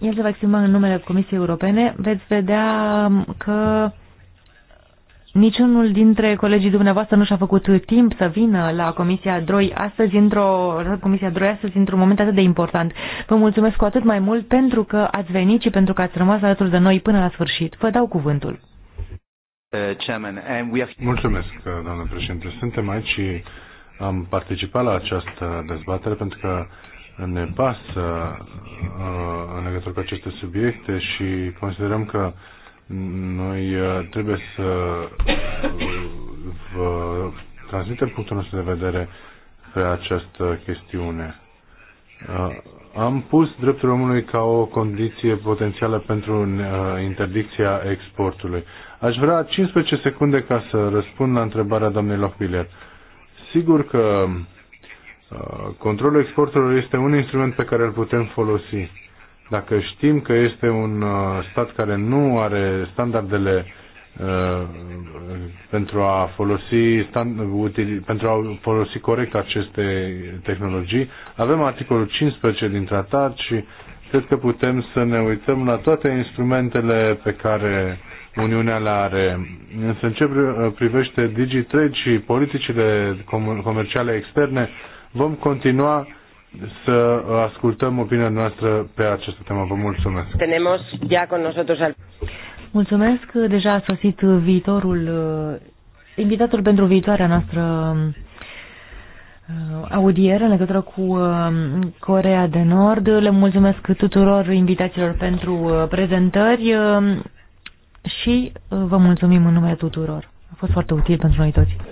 el se va exprima în numele Comisiei Europene, veți vedea um, că niciunul dintre colegii dumneavoastră nu și-a făcut timp să vină la Comisia Droi astăzi, într-o, Comisia Droi astăzi, într-un moment atât de important. Vă mulțumesc cu atât mai mult pentru că ați venit și pentru că ați rămas alături de noi până la sfârșit. Vă dau cuvântul. Uh, mulțumesc, uh, doamnă președinte. Suntem aici și am participat la această dezbatere pentru că ne pasă uh, în legătură cu aceste subiecte și considerăm că noi uh, trebuie să vă transmitem punctul nostru de vedere pe această chestiune. Uh, am pus dreptul omului ca o condiție potențială pentru interdicția exportului. Aș vrea 15 secunde ca să răspund la întrebarea doamnei Lochbiller. Sigur că uh, Uh, controlul exporturilor este un instrument pe care îl putem folosi. Dacă știm că este un uh, stat care nu are standardele uh, pentru a folosi stand, util, pentru a folosi corect aceste tehnologii. Avem articolul 15 din tratat și cred că putem să ne uităm la toate instrumentele pe care Uniunea le are. Însă în ce privește DigiTrade și politicile comerciale externe, Vom continua să ascultăm opinia noastră pe această temă. Vă mulțumesc. Tenemos ya con nosotros al... Mulțumesc. Deja a sosit viitorul, uh, invitatul pentru viitoarea noastră uh, audiere în legătură cu uh, Corea de Nord. Le mulțumesc tuturor invitațiilor pentru prezentări și vă mulțumim în numele tuturor. A fost foarte util pentru noi toți.